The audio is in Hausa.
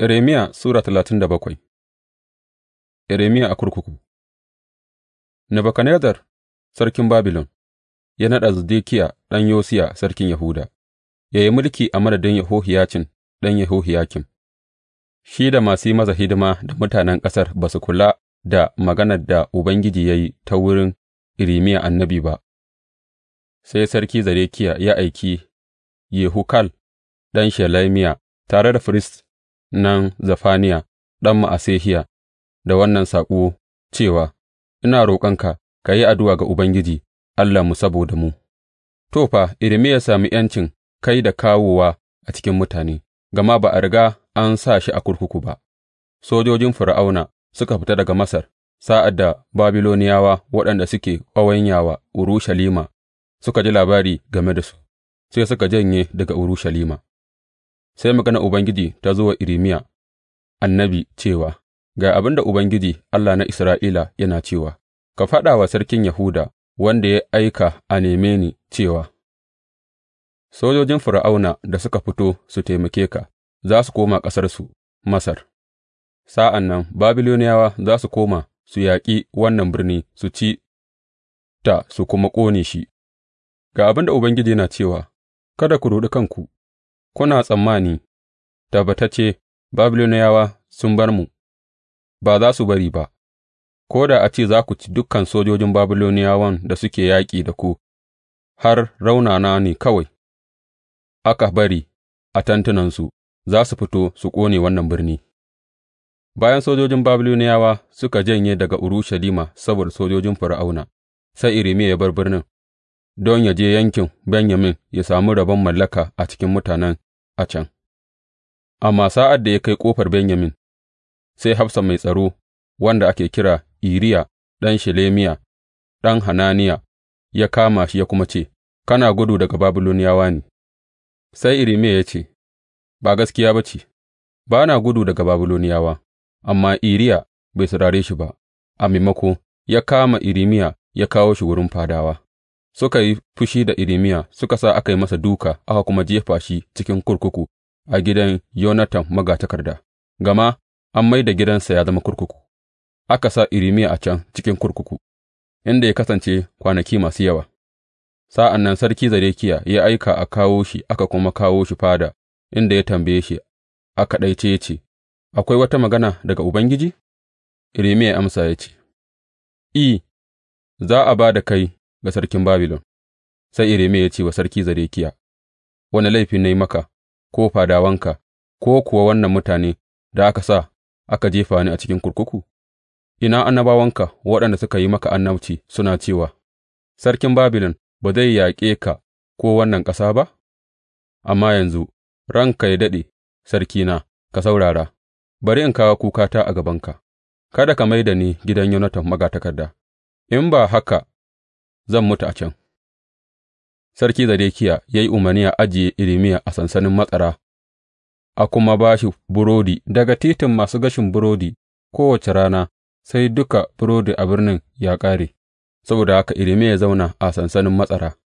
Irmiya Sura talatin da bakwai Irmiya a kurkuku Nebukadnezzar sarkin Babilon ya naɗa Zedekiya ɗan Yosiya sarkin Yahuda, ya yi mulki a madadin Yahohiyacin ɗan Yahohiyakim, shi da masu maza hidima da mutanen ƙasar ba su kula da maganar da Ubangiji ya yi ta wurin Irmiya annabi ba, sai sarki Zedekiya ya aiki Yehukal ɗan Shelemiya tare da firist nan Zafaniya, ɗan Ma'asehiya da wannan saƙo cewa, Ina roƙonka ka yi addu'a ga Ubangiji Allahnmu saboda mu, to, fa, Irmiya ya sami ’yancin kai da kawowa a cikin mutane, gama ba a riga an sa shi a kurkuku ba, sojojin Fir'auna suka fita daga Masar sa'ad da Babiloniyawa waɗanda suke ƙawanya wa Urushalima suka ji labari game da su, sai suka janye daga Urushalima. sai maganar Ubangiji ta zo wa irimiya annabi cewa, Ga abin da Ubangiji Allah na Isra'ila yana cewa, Ka faɗa wa sarkin Yahuda wanda ya aika a neme ni cewa, Sojojin Fir'auna da suka fito su taimake ka za su koma ƙasarsu, Masar, sa'an nan Babiloniyawa za su koma su yaƙi wannan birni su ci ta su kuma ƙone shi, ga abin da Ubangiji yana cewa, Kada ku ruɗi kanku, kuna tsammani, tabbatacce Babiloniyawa sun bar mu, ba za su bari ba, ko da a ce za ku ci dukan sojojin Babiloniyawan da suke yaƙi da ku, har raunana ne kawai aka bari a tantanansu, za su fito su ƙone wannan birni. Bayan sojojin Babiloniyawa suka janye daga Urushalima saboda sojojin Fir'auna, sai Irimiya ya bar birnin don ya je yankin Benyamin ya samu rabon mallaka a cikin mutanen a can, amma sa'ad da ya kai ƙofar Benyamin, sai hafsa mai tsaro, wanda ake kira Iriya ɗan Shelemiya, ɗan Hananiya, ya kama shi ya kuma ce, Kana gudu daga Babiloniyawa ne, sai Irimiya ya ce, Ba gaskiya ba ce, ba na gudu daga Babiloniyawa, amma Iriya bai saurare shi ba, a maimako ya kama Irimiya ya kawo shi wurin fadawa. suka yi fushi da Irmiya suka sa aka yi masa duka aka kuma jefa shi cikin kurkuku a gidan Yonatan magatakarda, gama an mai da gidansa ya zama kurkuku, aka sa Irmiya a can cikin kurkuku, inda ya kasance kwanaki masu yawa. Sa'an nan Sarki Zarekiya ya aika a kawo shi aka kuma kawo shi fada, inda ya tambaye shi a kaɗaice ya ce, Akwai wata magana daga Ubangiji? Irmiya amsa ya ce, I, za a ba da kai ga sarkin Babilon, sai Irimiya ya ce wa sarki Zedekiya, Wani laifi na yi maka, ko fadawanka, ko kuwa wannan mutane da aka sa aka jefa ni a cikin kurkuku? Ina annabawanka waɗanda suka yi maka annabci suna cewa, Sarkin Babilon ba zai yaƙe ka ko wannan ƙasa ba? Amma yanzu, ranka ya daɗe, sarkina, ka saurara, bari in kawo kukata a gabanka, kada ka mai da ni gidan Yonatan magatakarda, in ba haka zan mutu a can. Sarki Zedekiya ya yi umarni a ajiye Irimiya a sansanin matsara, a kuma ba shi burodi daga titin masu gashin burodi kowace rana sai duka burodi a birnin ya ƙare, saboda haka Irmiya ya zauna a sansanin matsara.